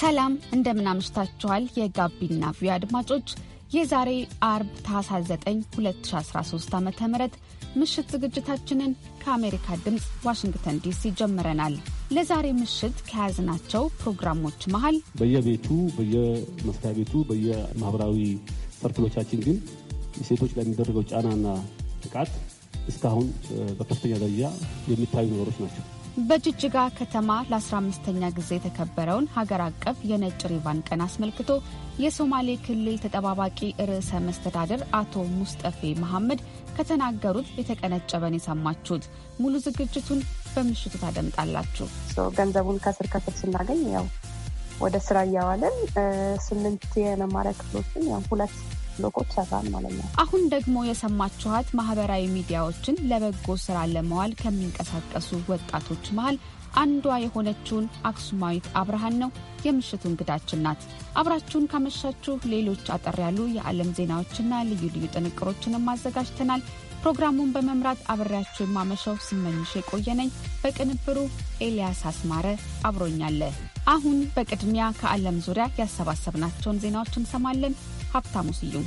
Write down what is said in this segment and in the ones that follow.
ሰላም እንደምናምሽታችኋል። የጋቢና ቪ አድማጮች የዛሬ አርብ ታህሳስ 9 2013 ዓ ም ምሽት ዝግጅታችንን ከአሜሪካ ድምፅ ዋሽንግተን ዲሲ ጀምረናል። ለዛሬ ምሽት ከያዝናቸው ፕሮግራሞች መሀል በየቤቱ በየመስሪያ ቤቱ በየማህበራዊ ሰርክሎቻችን ግን ሴቶች ላይ የሚደረገው ጫናና ጥቃት እስካሁን በከፍተኛ ደረጃ የሚታዩ ነገሮች ናቸው። በጅጅጋ ከተማ ለ15ኛ ጊዜ የተከበረውን ሀገር አቀፍ የነጭ ሪቫን ቀን አስመልክቶ የሶማሌ ክልል ተጠባባቂ ርዕሰ መስተዳድር አቶ ሙስጠፌ መሐመድ ከተናገሩት የተቀነጨበን የሰማችሁት። ሙሉ ዝግጅቱን በምሽቱ ታደምጣላችሁ። ገንዘቡን ከስር ከስር ስናገኝ ያው ወደ ስራ እያዋለን ስምንት የመማሪያ ክፍሎችን ያው ሁለት ብሎጎች ሰራን ማለት ነው። አሁን ደግሞ የሰማችኋት ማህበራዊ ሚዲያዎችን ለበጎ ስራ ለመዋል ከሚንቀሳቀሱ ወጣቶች መሀል አንዷ የሆነችውን አክሱማዊት አብርሃን ነው የምሽቱ እንግዳችን ናት። አብራችሁን ካመሻችሁ ሌሎች አጠር ያሉ የዓለም ዜናዎችና ልዩ ልዩ ጥንቅሮችንም አዘጋጅተናል። ፕሮግራሙን በመምራት አብሬያችሁ የማመሻው ስመኝሽ የቆየነኝ፣ በቅንብሩ ኤልያስ አስማረ አብሮኛለ። አሁን በቅድሚያ ከዓለም ዙሪያ ያሰባሰብናቸውን ዜናዎች እንሰማለን። ሀብታሙ ስዩም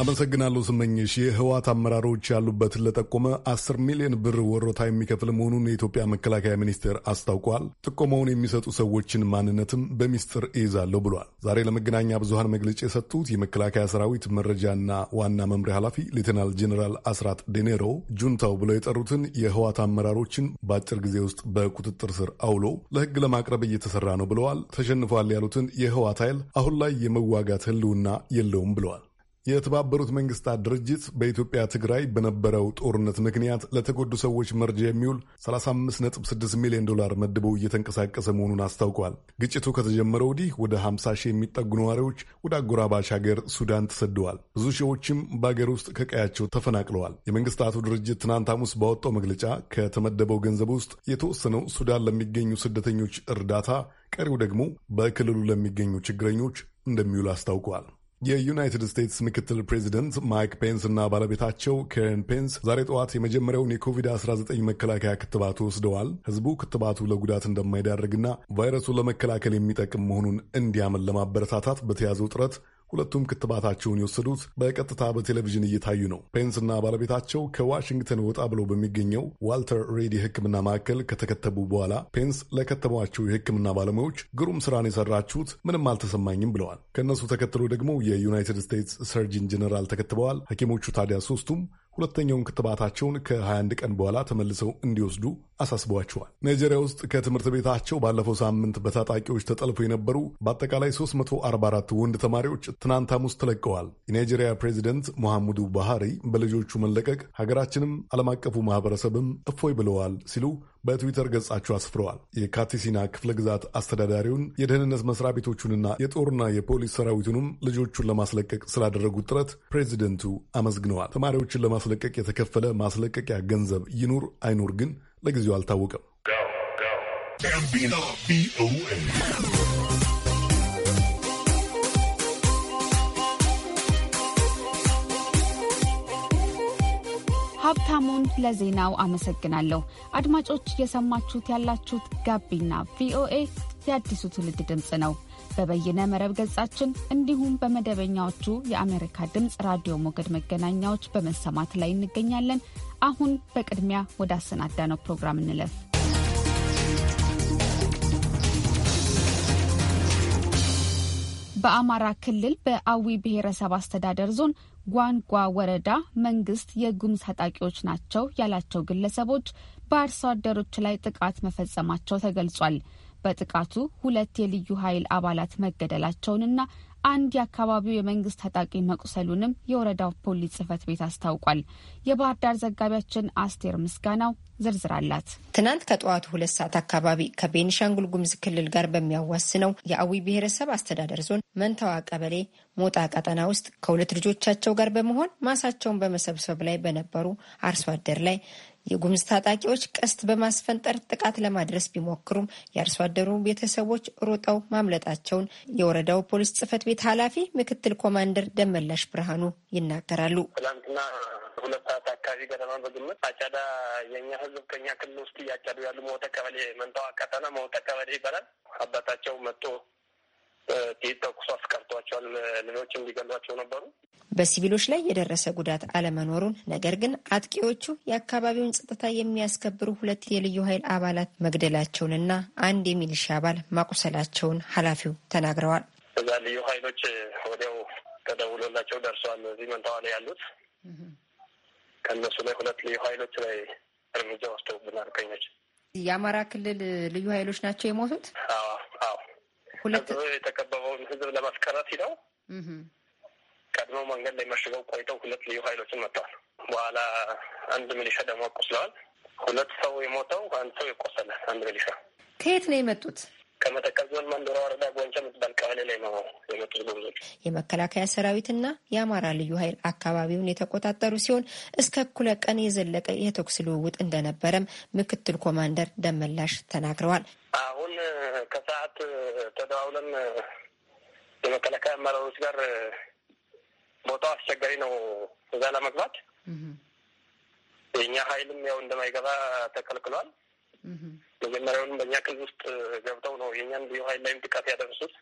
አመሰግናለሁ ስመኝሽ። የህወሓት አመራሮች ያሉበትን ለጠቆመ 10 ሚሊዮን ብር ወሮታ የሚከፍል መሆኑን የኢትዮጵያ መከላከያ ሚኒስቴር አስታውቋል። ጥቆመውን የሚሰጡ ሰዎችን ማንነትም በሚስጥር እይዛለሁ ብሏል። ዛሬ ለመገናኛ ብዙሃን መግለጫ የሰጡት የመከላከያ ሰራዊት መረጃና ዋና መምሪያ ኃላፊ ሌተናል ጀኔራል አስራት ዴኔሮ ጁንታው ብለው የጠሩትን የህወሓት አመራሮችን በአጭር ጊዜ ውስጥ በቁጥጥር ስር አውሎ ለህግ ለማቅረብ እየተሰራ ነው ብለዋል። ተሸንፏል ያሉትን የህወሓት ኃይል አሁን ላይ የመዋጋት ህልውና የለውም ብለዋል። የተባበሩት መንግስታት ድርጅት በኢትዮጵያ ትግራይ በነበረው ጦርነት ምክንያት ለተጎዱ ሰዎች መርጃ የሚውል 356 ሚሊዮን ዶላር መድቦ እየተንቀሳቀሰ መሆኑን አስታውቋል። ግጭቱ ከተጀመረ ወዲህ ወደ 50 ሺህ የሚጠጉ ነዋሪዎች ወደ አጎራባች ሀገር ሱዳን ተሰደዋል። ብዙ ሺዎችም በአገር ውስጥ ከቀያቸው ተፈናቅለዋል። የመንግስታቱ ድርጅት ትናንት ሐሙስ ባወጣው መግለጫ ከተመደበው ገንዘብ ውስጥ የተወሰነው ሱዳን ለሚገኙ ስደተኞች እርዳታ፣ ቀሪው ደግሞ በክልሉ ለሚገኙ ችግረኞች እንደሚውል አስታውቋል። የዩናይትድ ስቴትስ ምክትል ፕሬዚደንት ማይክ ፔንስ እና ባለቤታቸው ከረን ፔንስ ዛሬ ጠዋት የመጀመሪያውን የኮቪድ-19 መከላከያ ክትባት ወስደዋል። ሕዝቡ ክትባቱ ለጉዳት እንደማይዳርግና ቫይረሱን ለመከላከል የሚጠቅም መሆኑን እንዲያምን ለማበረታታት በተያዘው ጥረት ሁለቱም ክትባታቸውን የወሰዱት በቀጥታ በቴሌቪዥን እየታዩ ነው። ፔንስና ባለቤታቸው ከዋሽንግተን ወጣ ብሎ በሚገኘው ዋልተር ሬድ የሕክምና ማዕከል ከተከተቡ በኋላ ፔንስ ለከተሟቸው የሕክምና ባለሙያዎች ግሩም ስራን የሰራችሁት ምንም አልተሰማኝም ብለዋል። ከእነሱ ተከትሎ ደግሞ የዩናይትድ ስቴትስ ሰርጅን ጀነራል ተከትበዋል። ሐኪሞቹ ታዲያ ሶስቱም ሁለተኛውን ክትባታቸውን ከ21 ቀን በኋላ ተመልሰው እንዲወስዱ አሳስቧቸዋል። ናይጄሪያ ውስጥ ከትምህርት ቤታቸው ባለፈው ሳምንት በታጣቂዎች ተጠልፎ የነበሩ በአጠቃላይ 344 ወንድ ተማሪዎች ትናንት ሐሙስ ተለቀዋል። የናይጄሪያ ፕሬዚደንት ሙሐሙዱ ባህሪ በልጆቹ መለቀቅ ሀገራችንም ዓለም አቀፉ ማህበረሰብም እፎይ ብለዋል ሲሉ በትዊተር ገጻቸው አስፍረዋል። የካቲሲና ክፍለ ግዛት አስተዳዳሪውን፣ የደህንነት መስሪያ ቤቶቹንና የጦርና የፖሊስ ሰራዊቱንም ልጆቹን ለማስለቀቅ ስላደረጉት ጥረት ፕሬዚደንቱ አመስግነዋል። ተማሪዎችን ለማስለቀቅ የተከፈለ ማስለቀቂያ ገንዘብ ይኑር አይኑር ግን ለጊዜው አልታወቀም። ሀብታሙን ለዜናው አመሰግናለሁ። አድማጮች የሰማችሁት ያላችሁት ጋቢና ቪኦኤ የአዲሱ ትውልድ ድምፅ ነው። በበይነ መረብ ገጻችን እንዲሁም በመደበኛዎቹ የአሜሪካ ድምፅ ራዲዮ ሞገድ መገናኛዎች በመሰማት ላይ እንገኛለን። አሁን በቅድሚያ ወደ አሰናዳ ነው ፕሮግራም እንለፍ። በአማራ ክልል በአዊ ብሔረሰብ አስተዳደር ዞን ጓንጓ ወረዳ መንግስት የጉምዝ ታጣቂዎች ናቸው ያላቸው ግለሰቦች በአርሶ አደሮች ላይ ጥቃት መፈጸማቸው ተገልጿል። በጥቃቱ ሁለት የልዩ ኃይል አባላት መገደላቸውንና አንድ የአካባቢው የመንግስት ታጣቂ መቁሰሉንም የወረዳው ፖሊስ ጽህፈት ቤት አስታውቋል። የባህር ዳር ዘጋቢያችን አስቴር ምስጋናው ዝርዝር አላት። ትናንት ከጠዋቱ ሁለት ሰዓት አካባቢ ከቤኒሻንጉል ጉሙዝ ክልል ጋር በሚያዋስነው የአዊ ብሔረሰብ አስተዳደር ዞን መንታዋ ቀበሌ ሞጣ ቀጠና ውስጥ ከሁለት ልጆቻቸው ጋር በመሆን ማሳቸውን በመሰብሰብ ላይ በነበሩ አርሶ አደር ላይ የጉምዝ ታጣቂዎች ቀስት በማስፈንጠር ጥቃት ለማድረስ ቢሞክሩም የአርሶ አደሩ ቤተሰቦች ሮጠው ማምለጣቸውን የወረዳው ፖሊስ ጽህፈት ቤት ኃላፊ ምክትል ኮማንደር ደመላሽ ብርሃኑ ይናገራሉ። ሁለት ሰዓት አካባቢ ገደማ በግምት አጨዳ የእኛ ህዝብ ከኛ ክልል ውስጥ እያጨዱ ያሉ መውጠ ቀበሌ መንታዋ ቀጠና መውጠ ቀበሌ ይባላል አባታቸው መጥቶ ተኩስ አስቀርቷቸዋል። ልጆች እንዲገሏቸው ነበሩ። በሲቪሎች ላይ የደረሰ ጉዳት አለመኖሩን፣ ነገር ግን አጥቂዎቹ የአካባቢውን ጸጥታ የሚያስከብሩ ሁለት የልዩ ኃይል አባላት መግደላቸውንና አንድ የሚሊሻ አባል ማቁሰላቸውን ኃላፊው ተናግረዋል። እዛ ልዩ ኃይሎች ወዲያው ተደውሎላቸው ደርሰዋል። እዚህ መንታዋ ላይ ያሉት ከእነሱ ላይ ሁለት ልዩ ኃይሎች ላይ እርምጃ ወስደውብናል። ቀኞች የአማራ ክልል ልዩ ኃይሎች ናቸው የሞቱት። ሁለት የተከበበውን ህዝብ ለማስቀረት ሂደው ቀድሞ መንገድ ላይ መሽገው ቆይተው ሁለት ልዩ ኃይሎችን መጥተዋል። በኋላ አንድ ሚሊሻ ደግሞ ቆስለዋል። ሁለት ሰው የሞተው አንድ ሰው የቆሰለ አንድ ሚሊሻ። ከየት ነው የመጡት? ከመተከል ዞን መንዶራ ወረዳ ጎንቻ የምትባል ቀበሌ ላይ ነው የመጡት ጉብዞች። የመከላከያ ሰራዊትና የአማራ ልዩ ኃይል አካባቢውን የተቆጣጠሩ ሲሆን እስከ እኩለ ቀን የዘለቀ የተኩስ ልውውጥ እንደነበረም ምክትል ኮማንደር ደመላሽ ተናግረዋል። ከሰዓት ተደዋውለን የመከላከያ አመራሮች ጋር ቦታው አስቸጋሪ ነው፣ እዛ ለመግባት የእኛ ኃይልም ያው እንደማይገባ ተከልክሏል። መጀመሪያውንም በእኛ ክልል ውስጥ ገብተው ነው የእኛን ብዙ ሀይል ላይም ጥቃት ያደረሱት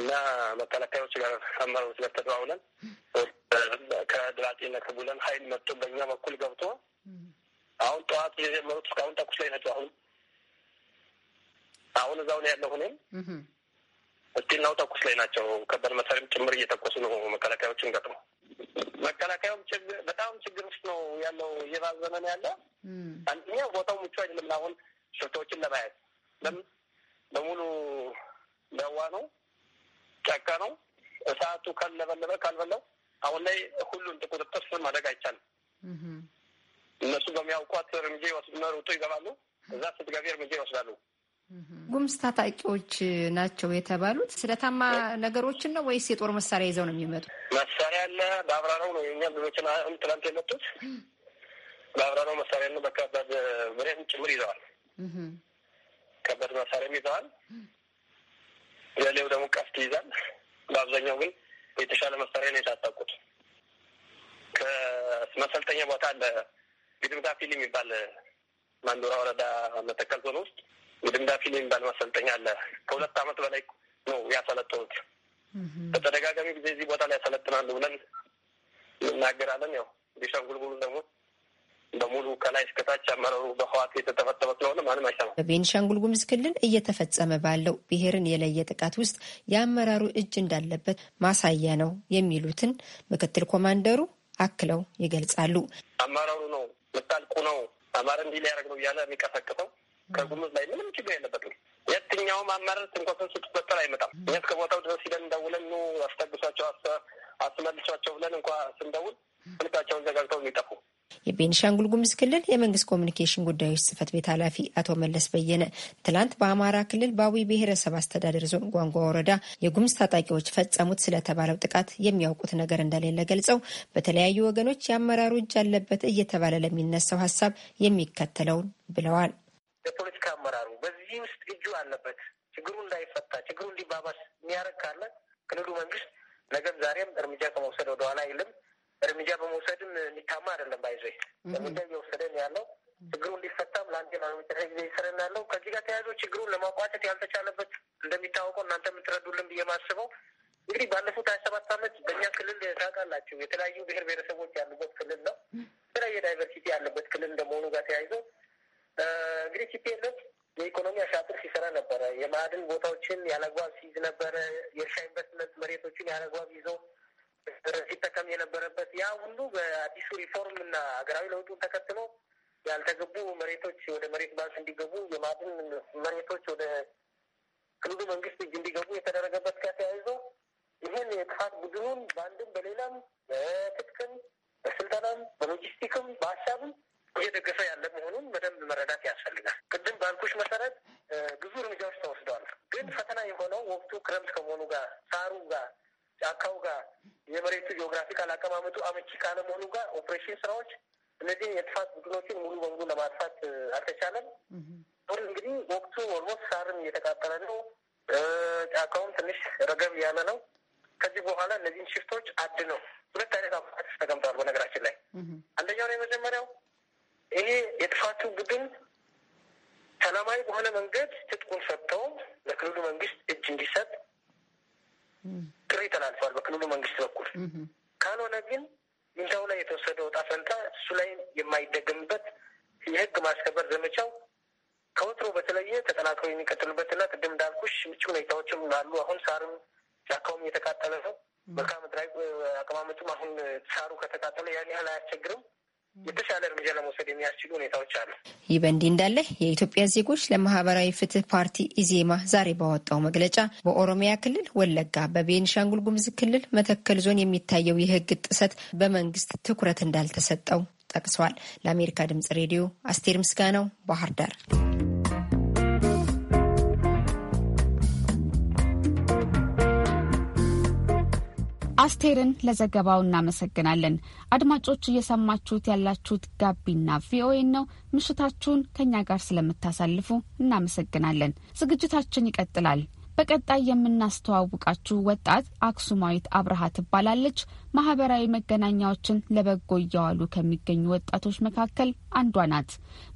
እና መከላከያዎች ጋር አመራሮች ጋር ተደዋውለን ከድራጤና ከቡለን ሀይል መጥቶ በእኛ በኩል ገብቶ አሁን ጠዋት የጀመሩት እስካሁን ተኩስ ላይ ናቸው አሁን አሁን እዛው ነው ያለሁ እኔም እስቲል ተኩስ ላይ ናቸው። ከባድ መሳሪያም ጭምር እየተኮሱ ነው መከላከያዎችን ገጥሞ መከላከያውም በጣም ችግር ውስጥ ነው ያለው። እየባዘነ ነው ያለ። አንደኛ ቦታው ምቹ አይደለም። አሁን ሽፍቶችን ለማየት ለምን በሙሉ ለዋ ነው፣ ጫካ ነው። እሳቱ ካልለበለበ ካልበላው አሁን ላይ ሁሉን ቁጥጥር ስር ማድረግ አይቻልም። እነሱ በሚያውቋት እርምጃ ይወስዱ፣ መሩጡ ይገባሉ። እዛ ስትገቢ እርምጃ ይወስዳሉ። ጉምዝ ታጣቂዎች ናቸው የተባሉት ስለታማ ነገሮችን ነው ወይስ የጦር መሳሪያ ይዘው ነው የሚመጡ? መሳሪያ አለ። በአብራራው ነው የኛ ብዙዎችን ትላንት የመጡት በአብራራው መሳሪያ ነው። በከባድ ብሬን ጭምር ይዘዋል። ከባድ መሳሪያም ይዘዋል። ሌላው ደግሞ ቀስት ይዛል። በአብዛኛው ግን የተሻለ መሳሪያ ነው የታጠቁት። ከመሰልጠኛ ቦታ አለ ግድምታ ፊል የሚባል ማንዶራ ወረዳ መተከል ዞን ውስጥ ጉድንዳፊል የሚባል ማሰልጠኛ አለ። ከሁለት ዓመት በላይ ነው ያሰለጠኑት። በተደጋጋሚ ጊዜ እዚህ ቦታ ላይ ያሰለጥናሉ ብለን እናገራለን። ያው ቤንሻንጉል ጉሙዝ ደግሞ በሙሉ ከላይ እስከታች አመራሩ በህዋት የተተፈተፈ ስለሆነ ማንም አይሰማም። በቤንሻንጉል ጉሙዝ ክልል እየተፈጸመ ባለው ብሔርን የለየ ጥቃት ውስጥ የአመራሩ እጅ እንዳለበት ማሳያ ነው የሚሉትን ምክትል ኮማንደሩ አክለው ይገልጻሉ። አመራሩ ነው ምታልቁ ነው አማራ እንዲህ ሊያደርግ ነው እያለ የሚቀሰቅሰው ከጉምዝ ላይ ምንም ችግር የለበትም። የትኛውም አመራር ትንኮሳ ስትፈጠር አይመጣም። እኛ እስከ ቦታው ድረስ ሂደን እንደውለን ኑ አስጠግሷቸው፣ አስመልሷቸው ብለን እንኳ ስንደውል ሁኔታቸውን ዘጋግተው የሚጠፉ የቤኒሻንጉል ጉምዝ ክልል የመንግስት ኮሚኒኬሽን ጉዳዮች ጽህፈት ቤት ኃላፊ አቶ መለስ በየነ ትላንት በአማራ ክልል በአዊ ብሔረሰብ አስተዳደር ዞን ጓንጓ ወረዳ የጉምዝ ታጣቂዎች ፈጸሙት ስለተባለው ጥቃት የሚያውቁት ነገር እንደሌለ ገልጸው በተለያዩ ወገኖች የአመራሩ እጅ አለበት እየተባለ ለሚነሳው ሀሳብ የሚከተለውን ብለዋል። የፖለቲካ አመራሩ በዚህ ውስጥ እጁ አለበት። ችግሩ እንዳይፈታ ችግሩ እንዲባባስ የሚያደርግ ካለ ክልሉ መንግስት ነገም ዛሬም እርምጃ ከመውሰድ ወደኋላ አይልም። እርምጃ በመውሰድም የሚታማ አይደለም። ባይዞ እርምጃ እየወሰደን ያለው ችግሩ እንዲፈታም ለአንድ ለመጨረሻ ጊዜ ይሰረን ያለው ከዚህ ጋር ተያይዞ ችግሩን ለማቋጨት ያልተቻለበት እንደሚታወቀው እናንተ የምትረዱልን ብዬ ማስበው እንግዲህ ባለፉት ሀያ ሰባት አመት በእኛ ክልል ታውቃላችሁ የተለያዩ ብሔር ብሔረሰቦች ያሉበት ክልል ነው። የተለያየ ዳይቨርሲቲ ያለበት ክልል እንደመሆኑ ጋር ተያይዘው እንግዲህ ቲፒኤልኤፍ የኢኮኖሚ አሻጥር ሲሰራ ነበረ። የማዕድን ቦታዎችን ያለአግባብ ሲይዝ ነበረ። የእርሻ ኢንቨስትመንት መሬቶችን ያለአግባብ ይዞ ሲጠቀም የነበረበት ያ ሁሉ በአዲሱ ሪፎርም እና ሀገራዊ ለውጡን ተከትሎ ያልተገቡ መሬቶች ወደ መሬት ባንክ እንዲገቡ፣ የማዕድን መሬቶች ወደ ክልሉ መንግስት እጅ እንዲገቡ የተደረገበት ጋር ተያይዞ ይህን የጥፋት ቡድኑን በአንድም በሌላም በትጥቅም በስልጠናም በሎጂስቲክም በሀሳብም እየደገፈ ያለ መሆኑን በደንብ መረዳት ያስፈልጋል። ቅድም ባልኩሽ መሰረት ብዙ እርምጃዎች ተወስደዋል። ግን ፈተና የሆነው ወቅቱ ክረምት ከመሆኑ ጋር ሳሩ ጋር ጫካው ጋር የመሬቱ ጂኦግራፊካል አቀማመጡ አመቺ ካለመሆኑ ጋር ኦፕሬሽን ስራዎች እነዚህ የጥፋት ቡድኖችን ሙሉ በሙሉ ለማጥፋት አልተቻለም። ጦር እንግዲህ ወቅቱ ኦልሞስት ሳርም እየተቃጠለ ነው፣ ጫካውም ትንሽ ረገብ ያለ ነው። ከዚህ በኋላ እነዚህን ሽፍቶች አድ ነው ሁለት አይነት አባት ተቀምጠዋል። በነገራችን ላይ አንደኛው ነው የመጀመሪያው ይሄ የጥፋቱ ቡድን ሰላማዊ በሆነ መንገድ ትጥቁን ሰጥተው ለክልሉ መንግስት እጅ እንዲሰጥ ጥሪ ተላልፏል በክልሉ መንግስት በኩል። ካልሆነ ግን ሚንታው ላይ የተወሰደ ወጣ ፈንታ እሱ ላይ የማይደገምበት የህግ ማስከበር ዘመቻው ከወትሮ በተለየ ተጠናክሮ የሚቀጥልበትና ቅድም እንዳልኩሽ ምቹ ሁኔታዎችም አሉ። አሁን ሳርም ጫካውም እየተቃጠለ ነው። መልካም ምድራዊ አቀማመጡም አሁን ሳሩ ከተቃጠለ ያን ያህል አያስቸግርም። የተሻለ እርምጃ ለመውሰድ የሚያስችሉ ሁኔታዎች አሉ። ይህ በእንዲህ እንዳለ የኢትዮጵያ ዜጎች ለማህበራዊ ፍትህ ፓርቲ ኢዜማ ዛሬ ባወጣው መግለጫ በኦሮሚያ ክልል ወለጋ፣ በቤንሻንጉል ጉምዝ ክልል መተከል ዞን የሚታየው የህግ ጥሰት በመንግስት ትኩረት እንዳልተሰጠው ጠቅሷል። ለአሜሪካ ድምጽ ሬዲዮ አስቴር ምስጋናው ባህር ዳር አስቴርን ለዘገባው እናመሰግናለን። አድማጮች እየሰማችሁት ያላችሁት ጋቢና ቪኦኤ ነው። ምሽታችሁን ከእኛ ጋር ስለምታሳልፉ እናመሰግናለን። ዝግጅታችን ይቀጥላል። በቀጣይ የምናስተዋውቃችሁ ወጣት አክሱማዊት አብርሃ ትባላለች። ማህበራዊ መገናኛዎችን ለበጎ እያዋሉ ከሚገኙ ወጣቶች መካከል አንዷ ናት።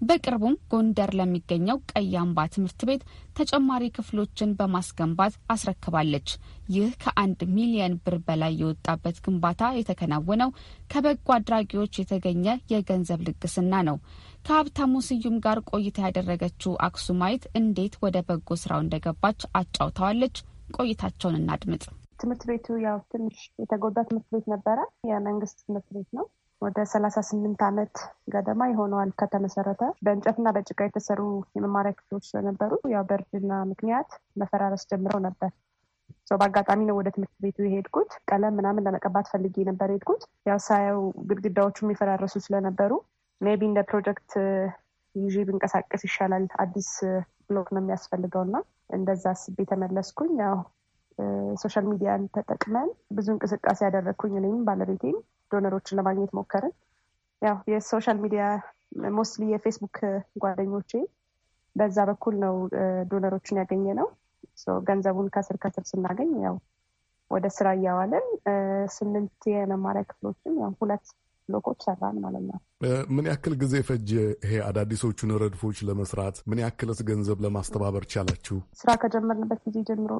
በቅርቡም ጎንደር ለሚገኘው ቀይ አምባ ትምህርት ቤት ተጨማሪ ክፍሎችን በማስገንባት አስረክባለች። ይህ ከአንድ ሚሊየን ብር በላይ የወጣበት ግንባታ የተከናወነው ከበጎ አድራጊዎች የተገኘ የገንዘብ ልግስና ነው። ከሀብታሙ ስዩም ጋር ቆይታ ያደረገችው አክሱማይት እንዴት ወደ በጎ ስራው እንደገባች አጫውተዋለች። ቆይታቸውን እናድምጥ። ትምህርት ቤቱ ያው ትንሽ የተጎዳ ትምህርት ቤት ነበረ። የመንግስት ትምህርት ቤት ነው። ወደ ሰላሳ ስምንት ዓመት ገደማ ይሆነዋል ከተመሰረተ። በእንጨትና በጭቃ የተሰሩ የመማሪያ ክፍሎች ስለነበሩ ያው በእርጅና ምክንያት መፈራረስ ጀምረው ነበር። ሰው በአጋጣሚ ነው ወደ ትምህርት ቤቱ የሄድኩት። ቀለም ምናምን ለመቀባት ፈልጌ ነበር የሄድኩት። ያው ሳየው ግድግዳዎቹ የሚፈራረሱ ስለነበሩ ሜቢ እንደ ፕሮጀክት uh, ይዤ ብንቀሳቀስ ይሻላል። አዲስ ብሎክ uh, ነው የሚያስፈልገው እና እንደዛ አስቤ ተመለስኩኝ። ያው uh, ሶሻል ሚዲያን ተጠቅመን ብዙ እንቅስቃሴ ያደረግኩኝ እኔም ባለቤቴም ዶነሮችን ለማግኘት ሞከርን። ያው የሶሻል ሚዲያ ሞስትሊ የፌስቡክ ጓደኞቼ በዛ በኩል ነው ዶነሮችን ያገኘ ነው። ገንዘቡን ከስር ከስር ስናገኝ ያው ወደ ስራ እያዋለን ስምንት የመማሪያ ክፍሎችን ያው ሁለት ብሎኮች ሰራን ማለት ነው። ምን ያክል ጊዜ ፈጀ ይሄ አዳዲሶቹን ረድፎች ለመስራት? ምን ያክልስ ገንዘብ ለማስተባበር ቻላችሁ? ስራ ከጀመርንበት ጊዜ ጀምሮ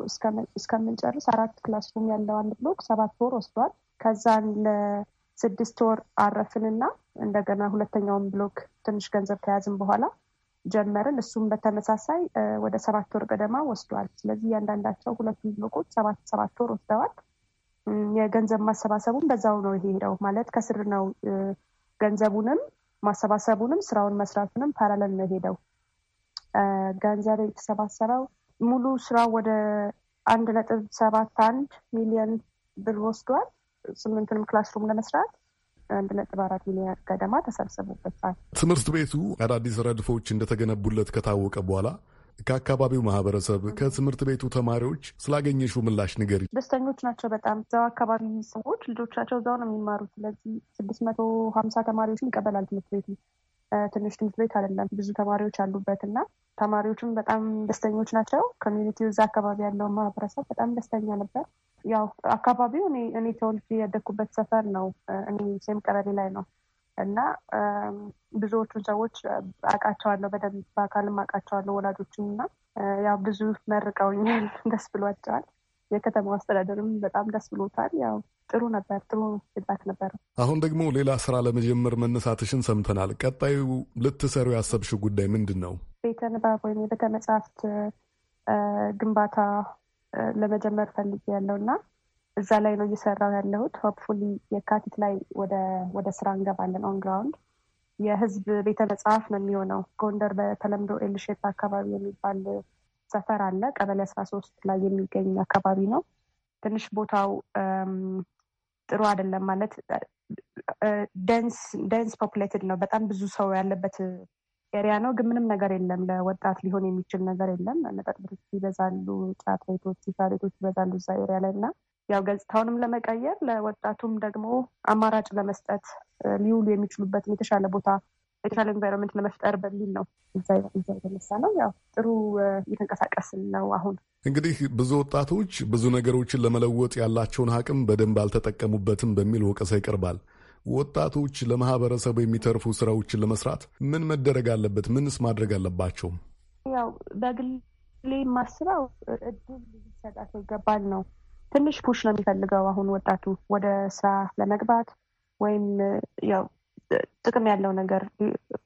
እስከምንጨርስ አራት ክላስሩም ያለው አንድ ብሎክ ሰባት ወር ወስዷል። ከዛን ለስድስት ወር አረፍንና እንደገና ሁለተኛውን ብሎክ ትንሽ ገንዘብ ከያዝን በኋላ ጀመርን። እሱም በተመሳሳይ ወደ ሰባት ወር ገደማ ወስዷል። ስለዚህ እያንዳንዳቸው ሁለቱም ብሎኮች ሰባት ሰባት ወር ወስደዋል። የገንዘብ ማሰባሰቡን በዛው ነው የሄደው። ማለት ከስር ነው ገንዘቡንም ማሰባሰቡንም ስራውን መስራቱንም ፓራለል ነው የሄደው። ገንዘብ የተሰባሰበው ሙሉ ስራው ወደ አንድ ነጥብ ሰባት አንድ ሚሊዮን ብር ወስዷል። ስምንቱንም ክላስሩም ለመስራት አንድ ነጥብ አራት ሚሊዮን ገደማ ተሰብስቦበታል። ትምህርት ቤቱ አዳዲስ ረድፎች እንደተገነቡለት ከታወቀ በኋላ ከአካባቢው ማህበረሰብ፣ ከትምህርት ቤቱ ተማሪዎች ስላገኘሽው ምላሽ ንገሪ። ደስተኞች ናቸው በጣም እዛው አካባቢ ሰዎች ልጆቻቸው እዛው ነው የሚማሩት። ስለዚህ ስድስት መቶ ሀምሳ ተማሪዎችን ይቀበላል ትምህርት ቤቱ። ትንሽ ትምህርት ቤት አይደለም፣ ብዙ ተማሪዎች አሉበት እና ተማሪዎችም በጣም ደስተኞች ናቸው። ኮሚኒቲው እዛ አካባቢ ያለው ማህበረሰብ በጣም ደስተኛ ነበር። ያው አካባቢው እኔ ተወልጄ ያደግኩበት ሰፈር ነው። እኔ ሴም ቀበሌ ላይ ነው እና ብዙዎቹን ሰዎች አውቃቸዋለሁ በደንብ በአካልም አውቃቸዋለሁ ወላጆችም እና ያው ብዙ መርቀውኛል። ደስ ብሏቸዋል። የከተማው አስተዳደርም በጣም ደስ ብሎታል። ያው ጥሩ ነበር። ጥሩ ፊድባክ ነበር። አሁን ደግሞ ሌላ ስራ ለመጀመር መነሳትሽን ሰምተናል። ቀጣዩ ልትሰሩ ያሰብሽው ጉዳይ ምንድን ነው? ቤተ ንባብ ወይም የቤተ መጽሐፍት ግንባታ ለመጀመር ፈልጌ ያለው እና እዛ ላይ ነው እየሰራው ያለሁት። ሆፕፉሊ የካቲት ላይ ወደ ስራ እንገባለን። ኦን ግራውንድ የህዝብ ቤተ መጽሐፍ ነው የሚሆነው። ጎንደር በተለምዶ ኤልሼፕ አካባቢ የሚባል ሰፈር አለ። ቀበሌ አስራ ሶስት ላይ የሚገኝ አካባቢ ነው። ትንሽ ቦታው ጥሩ አይደለም ማለት ደንስ ፖፕሌትድ ነው። በጣም ብዙ ሰው ያለበት ኤሪያ ነው። ግን ምንም ነገር የለም። ለወጣት ሊሆን የሚችል ነገር የለም። መጠጥ ቤቶች ይበዛሉ፣ ጫት ቤቶች፣ ሲጋር ቤቶች ይበዛሉ እዛ ኤሪያ ላይ እና ያው ገጽታውንም ለመቀየር ለወጣቱም ደግሞ አማራጭ ለመስጠት ሊውሉ የሚችሉበትን የተሻለ ቦታ የተሻለ ኤንቫይሮንመንት ለመፍጠር በሚል ነው እዛ የተነሳ ነው። ያው ጥሩ እየተንቀሳቀስን ነው አሁን እንግዲህ ብዙ ወጣቶች ብዙ ነገሮችን ለመለወጥ ያላቸውን አቅም በደንብ አልተጠቀሙበትም በሚል ወቀሳ ይቀርባል። ወጣቶች ለማህበረሰቡ የሚተርፉ ስራዎችን ለመስራት ምን መደረግ አለበት? ምንስ ማድረግ አለባቸው? ያው በግሌ የማስበው እድል ሊሰጣቸው ይገባል ነው ትንሽ ፑሽ ነው የሚፈልገው አሁን ወጣቱ ወደ ስራ ለመግባት ወይም ያው ጥቅም ያለው ነገር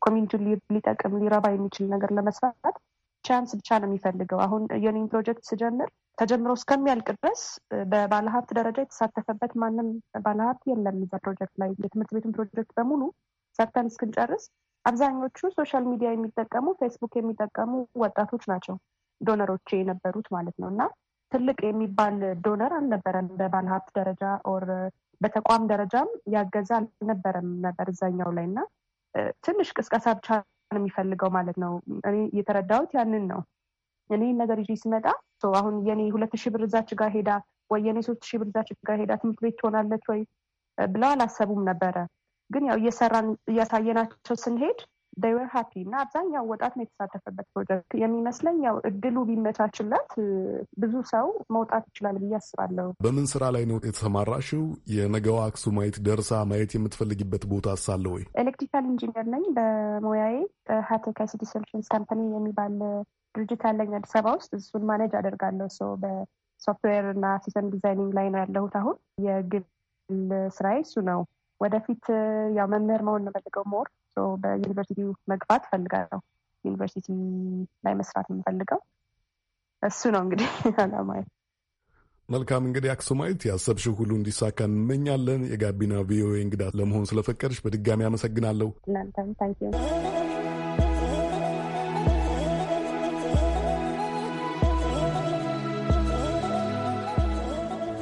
ኮሚኒቲውን ሊጠቅም ሊረባ የሚችል ነገር ለመስራት ቻንስ ብቻ ነው የሚፈልገው። አሁን የኔን ፕሮጀክት ስጀምር ተጀምሮ እስከሚያልቅ ድረስ በባለሀብት ደረጃ የተሳተፈበት ማንም ባለሀብት የለም እዛ ፕሮጀክት ላይ። የትምህርት ቤቱን ፕሮጀክት በሙሉ ሰርተን እስክንጨርስ አብዛኞቹ ሶሻል ሚዲያ የሚጠቀሙ ፌስቡክ የሚጠቀሙ ወጣቶች ናቸው ዶነሮቼ የነበሩት ማለት ነው እና ትልቅ የሚባል ዶነር አልነበረም። በባለ ደረጃ ኦር በተቋም ደረጃም ያገዘ አልነበረም ነበር እዛኛው ላይ እና ትንሽ ቅስቀሳ ብቻ ነው የሚፈልገው ማለት ነው። እኔ የተረዳሁት ያንን ነው። እኔ ነገር ይዤ ስመጣ አሁን የኔ ሁለት ሺህ ብር እዛች ጋር ሄዳ ወይ የኔ ሶስት ሺህ ብር እዛች ጋር ሄዳ ትምህርት ቤት ትሆናለች ወይ ብለው አላሰቡም ነበረ። ግን ያው እየሰራን እያሳየናቸው ስንሄድ ወር ሀፒ እና አብዛኛው ወጣት ነው የተሳተፈበት ፕሮጀክት የሚመስለኝ ያው እድሉ ቢመቻችለት ብዙ ሰው መውጣት ይችላል ብዬ አስባለሁ። በምን ስራ ላይ ነው የተሰማራሽው? አክሱ ማየት ደርሳ ማየት የምትፈልጊበት ቦታ አሳለ ወይ? ኤሌክትሪካል ኢንጂነር ነኝ በሙያዬ። ሀቴካ ሲቲ ሶሉሽንስ ካምፓኒ የሚባል ድርጅት አለኝ አዲስ አበባ ውስጥ እሱን ማኔጅ አደርጋለሁ። ሰው በሶፍትዌር እና ሲስተም ዲዛይኒንግ ላይ ነው ያለሁት። አሁን የግል ስራዬ እሱ ነው። ወደፊት ያው መምህር መሆን ነው የምፈልገው ሞር በዩኒቨርሲቲ መግባት ፈልጋለሁ። ዩኒቨርሲቲ ላይ መስራት የምፈልገው እሱ ነው እንግዲህ አላማዬ። መልካም እንግዲህ አክሱማዊት፣ ያሰብሽው ሁሉ እንዲሳካ እንመኛለን። የጋቢና ቪኦኤ እንግዳ ለመሆን ስለፈቀድሽ በድጋሚ አመሰግናለሁ። እናንተም ታንኪዩ።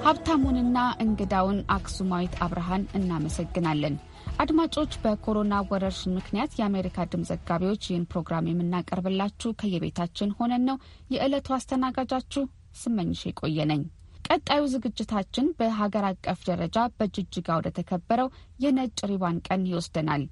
ሀብታሙንና እንግዳውን አክሱማዊት አብርሃን እናመሰግናለን። አድማጮች በኮሮና ወረርሽኝ ምክንያት የአሜሪካ ድምፅ ዘጋቢዎች ይህን ፕሮግራም የምናቀርብላችሁ ከየቤታችን ሆነን ነው። የዕለቱ አስተናጋጃችሁ ስመኝሽ የቆየ ነኝ። ቀጣዩ ዝግጅታችን በሀገር አቀፍ ደረጃ በጅጅጋ ወደ ተከበረው የነጭ ሪባን ቀን ይወስደናል።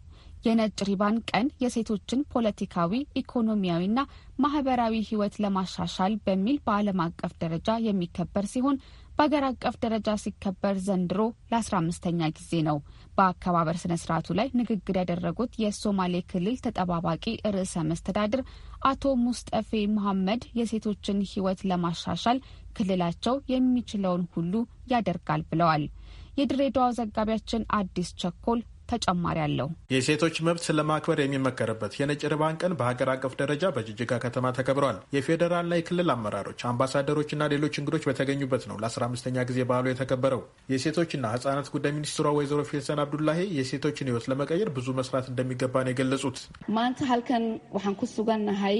የነጭ ሪባን ቀን የሴቶችን ፖለቲካዊ፣ ኢኮኖሚያዊና ማህበራዊ ህይወት ለማሻሻል በሚል በዓለም አቀፍ ደረጃ የሚከበር ሲሆን በአገር አቀፍ ደረጃ ሲከበር ዘንድሮ 15 አምስተኛ ጊዜ ነው። በአከባበር ስነ ስርዓቱ ላይ ንግግር ያደረጉት የሶማሌ ክልል ተጠባባቂ ርዕሰ መስተዳድር አቶ ሙስጠፌ መሐመድ የሴቶችን ሕይወት ለማሻሻል ክልላቸው የሚችለውን ሁሉ ያደርጋል ብለዋል። የድሬዳዋ ዘጋቢያችን አዲስ ቸኮል ተጨማሪ አለው። የሴቶች መብት ለማክበር የሚመከርበት የነጭ ሪባን ቀን በሀገር አቀፍ ደረጃ በጅጅጋ ከተማ ተከብረዋል። የፌዴራልና የክልል አመራሮች፣ አምባሳደሮችና ሌሎች እንግዶች በተገኙበት ነው ለ15ኛ ጊዜ ባህሉ የተከበረው። የሴቶችና ህጻናት ጉዳይ ሚኒስትሯ ወይዘሮ ፌሰን አብዱላሂ የሴቶችን ህይወት ለመቀየር ብዙ መስራት እንደሚገባ ነው የገለጹት። ማንት ሀልከን waxaan ku sugannahay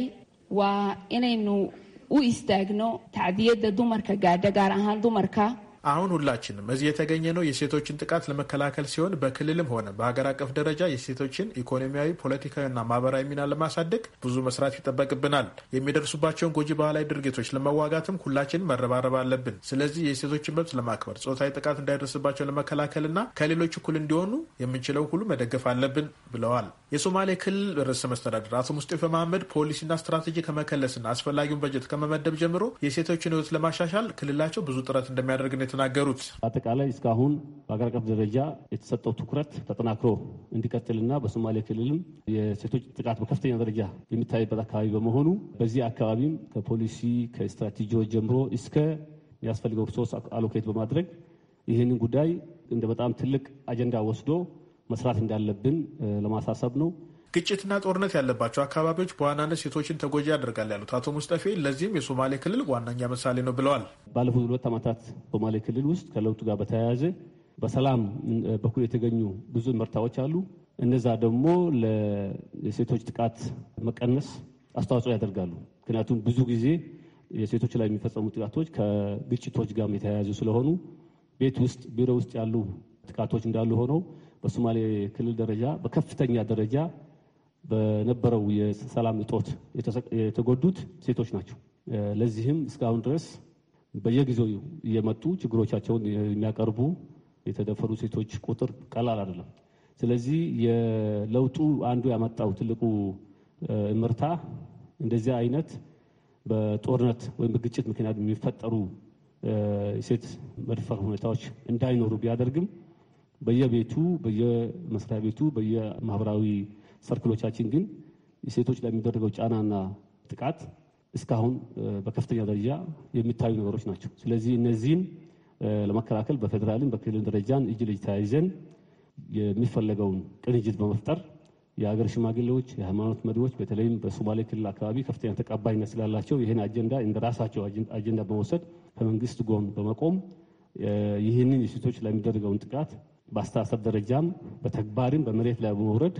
waa inaynu u istaagno tacdiyadda dumarka gaadha አሁን ሁላችንም እዚህ የተገኘ ነው የሴቶችን ጥቃት ለመከላከል ሲሆን በክልልም ሆነ በሀገር አቀፍ ደረጃ የሴቶችን ኢኮኖሚያዊ፣ ፖለቲካዊና ማህበራዊ ሚና ለማሳደግ ብዙ መስራት ይጠበቅብናል። የሚደርሱባቸውን ጎጂ ባህላዊ ድርጊቶች ለመዋጋትም ሁላችን መረባረብ አለብን። ስለዚህ የሴቶችን መብት ለማክበር ጾታዊ ጥቃት እንዳይደርስባቸው ለመከላከልና ከሌሎች እኩል እንዲሆኑ የምንችለው ሁሉ መደገፍ አለብን ብለዋል። የሶማሌ ክልል ርዕሰ መስተዳደር አቶ ሙስጤፈ መሀመድ ፖሊሲና ስትራቴጂ ከመከለስና አስፈላጊውን በጀት ከመመደብ ጀምሮ የሴቶችን ህይወት ለማሻሻል ክልላቸው ብዙ ጥረት እንደሚያደርግ ነው የተናገሩት። አጠቃላይ እስካሁን በአገር አቀፍ ደረጃ የተሰጠው ትኩረት ተጠናክሮ እንዲቀጥልና በሶማሌ ክልልም የሴቶች ጥቃት በከፍተኛ ደረጃ የሚታይበት አካባቢ በመሆኑ በዚህ አካባቢም ከፖሊሲ ከስትራቴጂዎች ጀምሮ እስከ የሚያስፈልገው ሪሶርስ አሎኬት በማድረግ ይህንን ጉዳይ እንደ በጣም ትልቅ አጀንዳ ወስዶ መስራት እንዳለብን ለማሳሰብ ነው። ግጭትና ጦርነት ያለባቸው አካባቢዎች በዋናነት ሴቶችን ተጎጂ ያደርጋል ያሉት አቶ ሙስጠፌ ለዚህም የሶማሌ ክልል ዋነኛ ምሳሌ ነው ብለዋል። ባለፉት ሁለት ዓመታት ሶማሌ ክልል ውስጥ ከለውጡ ጋር በተያያዘ በሰላም በኩል የተገኙ ብዙ ምርታዎች አሉ። እነዛ ደግሞ ለሴቶች ጥቃት መቀነስ አስተዋጽኦ ያደርጋሉ። ምክንያቱም ብዙ ጊዜ የሴቶች ላይ የሚፈጸሙ ጥቃቶች ከግጭቶች ጋር የተያያዙ ስለሆኑ ቤት ውስጥ፣ ቢሮ ውስጥ ያሉ ጥቃቶች እንዳሉ ሆነው በሶማሌ ክልል ደረጃ በከፍተኛ ደረጃ በነበረው የሰላም እጦት የተጎዱት ሴቶች ናቸው። ለዚህም እስካሁን ድረስ በየጊዜው እየመጡ ችግሮቻቸውን የሚያቀርቡ የተደፈሩ ሴቶች ቁጥር ቀላል አይደለም። ስለዚህ የለውጡ አንዱ ያመጣው ትልቁ እምርታ እንደዚህ አይነት በጦርነት ወይም በግጭት ምክንያት የሚፈጠሩ የሴት መድፈር ሁኔታዎች እንዳይኖሩ ቢያደርግም በየቤቱ በየመስሪያ ቤቱ በየማህበራዊ ሰርክሎቻችን ግን ሴቶች ላይ የሚደረገው ጫናና ጥቃት እስካሁን በከፍተኛ ደረጃ የሚታዩ ነገሮች ናቸው። ስለዚህ እነዚህን ለመከላከል በፌዴራልም በክልል ደረጃን እጅ ልጅ ተያይዘን የሚፈለገውን ቅንጅት በመፍጠር የሀገር ሽማግሌዎች፣ የሃይማኖት መሪዎች በተለይም በሶማሌ ክልል አካባቢ ከፍተኛ ተቀባይነት ስላላቸው ይህን አጀንዳ እንደ ራሳቸው አጀንዳ በመውሰድ ከመንግስት ጎን በመቆም ይህንን የሴቶች ላይ የሚደረገውን ጥቃት በአስተሳሰብ ደረጃም በተግባርም በመሬት ላይ በመውረድ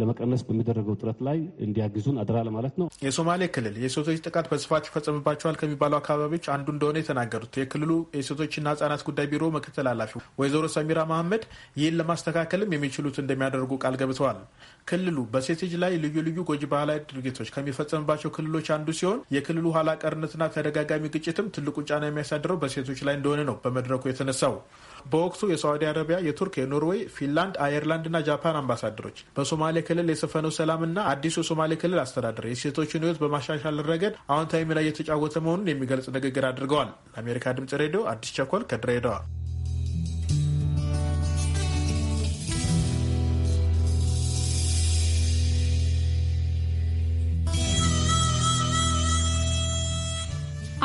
ለመቀነስ በሚደረገው ጥረት ላይ እንዲያግዙን አደራ ለማለት ነው። የሶማሌ ክልል የሴቶች ጥቃት በስፋት ይፈጸምባቸዋል ከሚባሉ አካባቢዎች አንዱ እንደሆነ የተናገሩት የክልሉ የሴቶችና ህጻናት ጉዳይ ቢሮ ምክትል ኃላፊ ወይዘሮ ሰሚራ መሐመድ ይህን ለማስተካከልም የሚችሉት እንደሚያደርጉ ቃል ገብተዋል። ክልሉ በሴት ልጅ ላይ ልዩ ልዩ ጎጂ ባህላዊ ድርጊቶች ከሚፈጸምባቸው ክልሎች አንዱ ሲሆን የክልሉ ኋላቀርነትና ተደጋጋሚ ግጭትም ትልቁን ጫና የሚያሳድረው በሴቶች ላይ እንደሆነ ነው በመድረኩ የተነሳው። በወቅቱ የሳዑዲ አረቢያ፣ የቱርክ፣ የኖርዌይ፣ ፊንላንድ፣ አየርላንድ ና ጃፓን አምባሳደሮች በሶማሌ ክልል የሰፈነው ሰላምና አዲሱ የሶማሌ ክልል አስተዳደር የሴቶችን ሕይወት በማሻሻል ረገድ አዎንታዊ ሚና እየተጫወተ መሆኑን የሚገልጽ ንግግር አድርገዋል። ለአሜሪካ ድምጽ ሬዲዮ አዲስ ቸኮል ከድሬዳዋ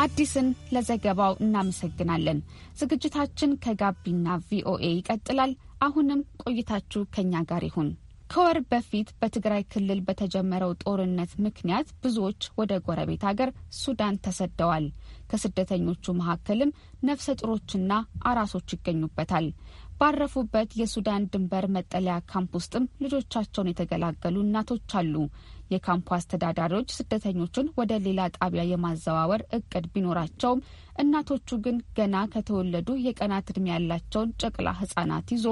አዲስን ለዘገባው እናመሰግናለን። ዝግጅታችን ከጋቢና ቪኦኤ ይቀጥላል። አሁንም ቆይታችሁ ከኛ ጋር ይሁን። ከወር በፊት በትግራይ ክልል በተጀመረው ጦርነት ምክንያት ብዙዎች ወደ ጎረቤት አገር ሱዳን ተሰደዋል። ከስደተኞቹ መካከልም ነፍሰ ጡሮችና አራሶች ይገኙበታል። ባረፉበት የሱዳን ድንበር መጠለያ ካምፕ ውስጥም ልጆቻቸውን የተገላገሉ እናቶች አሉ። የካምፑ አስተዳዳሪዎች ስደተኞቹን ወደ ሌላ ጣቢያ የማዘዋወር እቅድ ቢኖራቸውም እናቶቹ ግን ገና ከተወለዱ የቀናት እድሜ ያላቸውን ጨቅላ ህጻናት ይዞ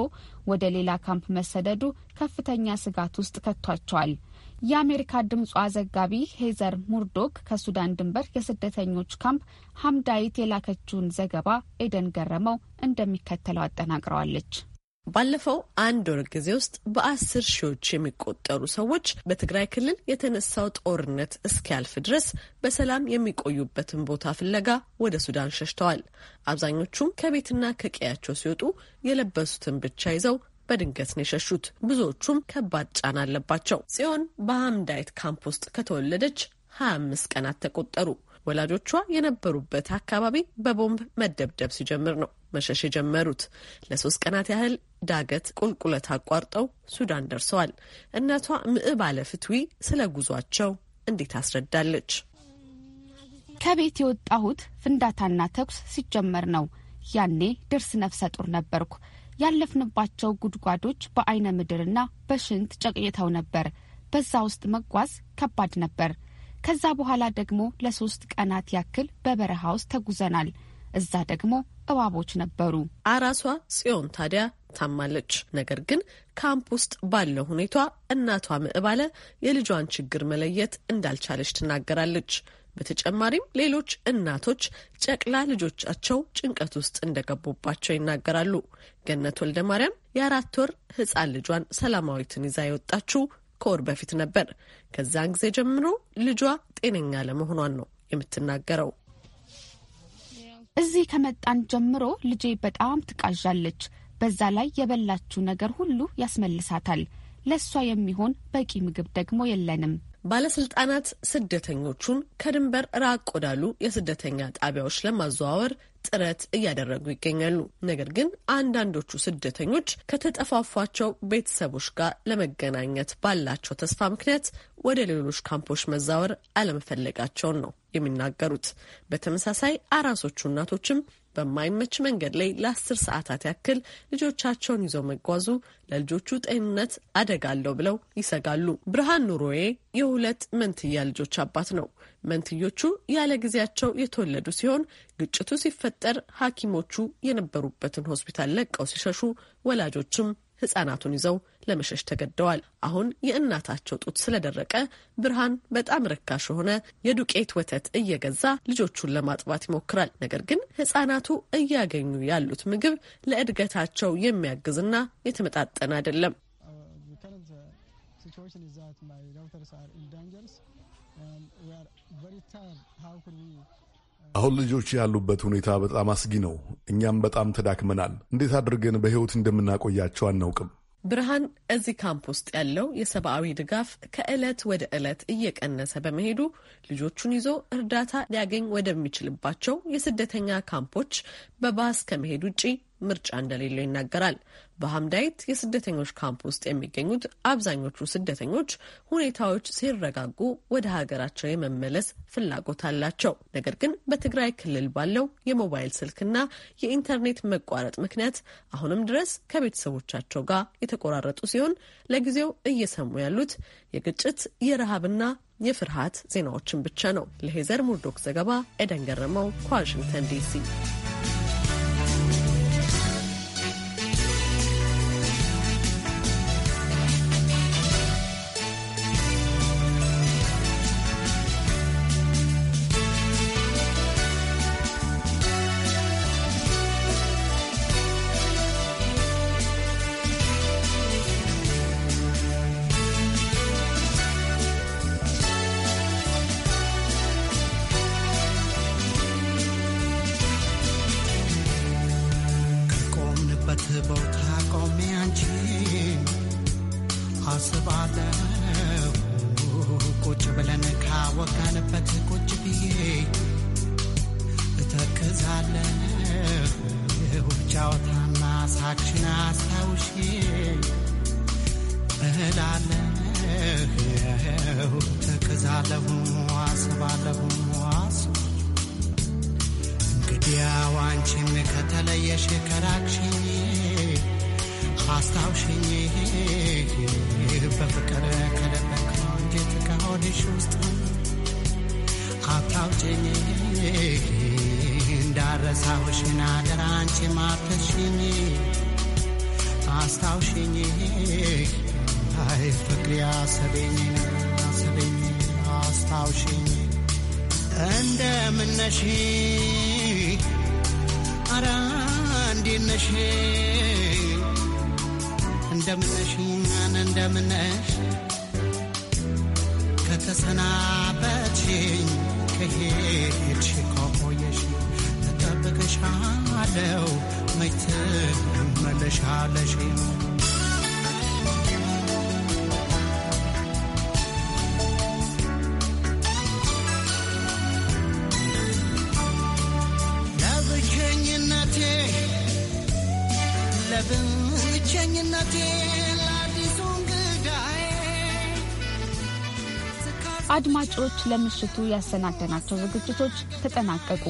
ወደ ሌላ ካምፕ መሰደዱ ከፍተኛ ስጋት ውስጥ ከቷቸዋል። የአሜሪካ ድምጿ ዘጋቢ ሄዘር ሙርዶክ ከሱዳን ድንበር የስደተኞች ካምፕ ሀምዳይት የላከችውን ዘገባ ኤደን ገረመው እንደሚከተለው አጠናቅረዋለች። ባለፈው አንድ ወር ጊዜ ውስጥ በአስር ሺዎች የሚቆጠሩ ሰዎች በትግራይ ክልል የተነሳው ጦርነት እስኪያልፍ ድረስ በሰላም የሚቆዩበትን ቦታ ፍለጋ ወደ ሱዳን ሸሽተዋል። አብዛኞቹም ከቤትና ከቀያቸው ሲወጡ የለበሱትን ብቻ ይዘው በድንገት ነው የሸሹት። ብዙዎቹም ከባድ ጫና አለባቸው። ጽዮን በሀምዳይት ካምፕ ውስጥ ከተወለደች 25 ቀናት ተቆጠሩ። ወላጆቿ የነበሩበት አካባቢ በቦምብ መደብደብ ሲጀምር ነው መሸሽ የጀመሩት። ለሶስት ቀናት ያህል ዳገት ቁልቁለት አቋርጠው ሱዳን ደርሰዋል። እናቷ ምዕባለ ፍትዊ ስለ ጉዟቸው እንዴት አስረዳለች። ከቤት የወጣሁት ፍንዳታና ተኩስ ሲጀመር ነው። ያኔ ድርስ ነፍሰ ጡር ነበርኩ። ያለፍንባቸው ጉድጓዶች በአይነ ምድርና በሽንት ጨቅይተው ነበር። በዛ ውስጥ መጓዝ ከባድ ነበር። ከዛ በኋላ ደግሞ ለሶስት ቀናት ያክል በበረሃ ውስጥ ተጉዘናል። እዛ ደግሞ እባቦች ነበሩ። አራሷ ጽዮን ታዲያ ታማለች። ነገር ግን ካምፕ ውስጥ ባለው ሁኔታ እናቷ ምዕባለ የልጇን ችግር መለየት እንዳልቻለች ትናገራለች። በተጨማሪም ሌሎች እናቶች ጨቅላ ልጆቻቸው ጭንቀት ውስጥ እንደገቡባቸው ይናገራሉ። ገነት ወልደ ማርያም የአራት ወር ሕፃን ልጇን ሰላማዊትን ይዛ የወጣችው ከወር በፊት ነበር። ከዛን ጊዜ ጀምሮ ልጇ ጤነኛ ለመሆኗን ነው የምትናገረው። እዚህ ከመጣን ጀምሮ ልጄ በጣም ትቃዣለች። በዛ ላይ የበላችው ነገር ሁሉ ያስመልሳታል። ለእሷ የሚሆን በቂ ምግብ ደግሞ የለንም ባለስልጣናት ስደተኞቹን ከድንበር ራቅ ወዳሉ የስደተኛ ጣቢያዎች ለማዘዋወር ጥረት እያደረጉ ይገኛሉ። ነገር ግን አንዳንዶቹ ስደተኞች ከተጠፋፏቸው ቤተሰቦች ጋር ለመገናኘት ባላቸው ተስፋ ምክንያት ወደ ሌሎች ካምፖች መዛወር አለመፈለጋቸውን ነው የሚናገሩት። በተመሳሳይ አራሶቹ እናቶችም በማይመች መንገድ ላይ ለአስር ሰዓታት ያክል ልጆቻቸውን ይዘው መጓዙ ለልጆቹ ጤንነት አደጋ አለው ብለው ይሰጋሉ። ብርሃን ኑሮዬ የሁለት መንትያ ልጆች አባት ነው። መንትዮቹ ያለ ጊዜያቸው የተወለዱ ሲሆን ግጭቱ ሲፈጠር ሐኪሞቹ የነበሩበትን ሆስፒታል ለቀው ሲሸሹ ወላጆችም ህጻናቱን ይዘው ለመሸሽ ተገደዋል። አሁን የእናታቸው ጡት ስለደረቀ ብርሃን በጣም ርካሽ የሆነ የዱቄት ወተት እየገዛ ልጆቹን ለማጥባት ይሞክራል። ነገር ግን ህጻናቱ እያገኙ ያሉት ምግብ ለእድገታቸው የሚያግዝና የተመጣጠነ አይደለም። uh, አሁን ልጆች ያሉበት ሁኔታ በጣም አስጊ ነው። እኛም በጣም ተዳክመናል። እንዴት አድርገን በሕይወት እንደምናቆያቸው አናውቅም። ብርሃን እዚህ ካምፕ ውስጥ ያለው የሰብአዊ ድጋፍ ከዕለት ወደ ዕለት እየቀነሰ በመሄዱ ልጆቹን ይዞ እርዳታ ሊያገኝ ወደሚችልባቸው የስደተኛ ካምፖች በባስ ከመሄድ ውጪ ምርጫ እንደሌለው ይናገራል። በሀምዳይት የስደተኞች ካምፕ ውስጥ የሚገኙት አብዛኞቹ ስደተኞች ሁኔታዎች ሲረጋጉ ወደ ሀገራቸው የመመለስ ፍላጎት አላቸው። ነገር ግን በትግራይ ክልል ባለው የሞባይል ስልክና የኢንተርኔት መቋረጥ ምክንያት አሁንም ድረስ ከቤተሰቦቻቸው ጋር የተቆራረጡ ሲሆን ለጊዜው እየሰሙ ያሉት የግጭት የረሃብና የፍርሃት ዜናዎችን ብቻ ነው። ለሄዘር ሙርዶክ ዘገባ ኤደን ገረመው ከዋሽንግተን ዲሲ አንቺን እንዳረሳውሽን አደራ አንቺ ማተሽኝ አስታውሽኝ አይ ፍቅሪ አሰበኝ አሰበኝ አስታውሽኝ እንደምነሽ አራ እንዲነሽ እንደምነሽ እንደምነሽ ከሄድሽ ከቆየሽ ተጠብቅሻለው መች ትመለሻለሽ ለብቸኝነቴ ለብቸኝነቴ አድማጮች ለምሽቱ ያሰናደናቸው ዝግጅቶች ተጠናቀቁ።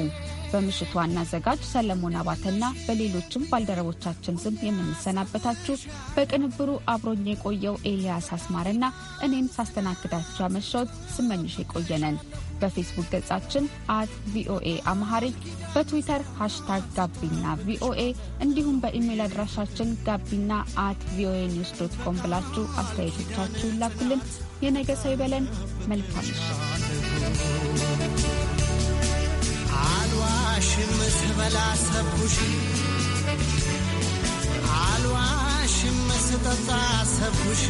በምሽቱ ዋና አዘጋጅ ሰለሞን አባተና በሌሎችም ባልደረቦቻችን ስም የምንሰናበታችሁ በቅንብሩ አብሮኝ የቆየው ኤልያስ አስማረና እኔም ሳስተናግዳችሁ አመሻወት ስመኝሽ የቆየነን። በፌስቡክ ገጻችን አት ቪኦኤ አማሐሪክ በትዊተር ሃሽታግ ጋቢና ቪኦኤ እንዲሁም በኢሜይል አድራሻችን ጋቢና አት ቪኦኤ ኒውስ ዶት ኮም ብላችሁ አስተያየቶቻችሁ ይላኩልን። የነገ ሰው ይበለን። መልካም አልዋሽም ስበላ ሰብኩሽ አልዋሽም ስጠጣ ሰብኩሽ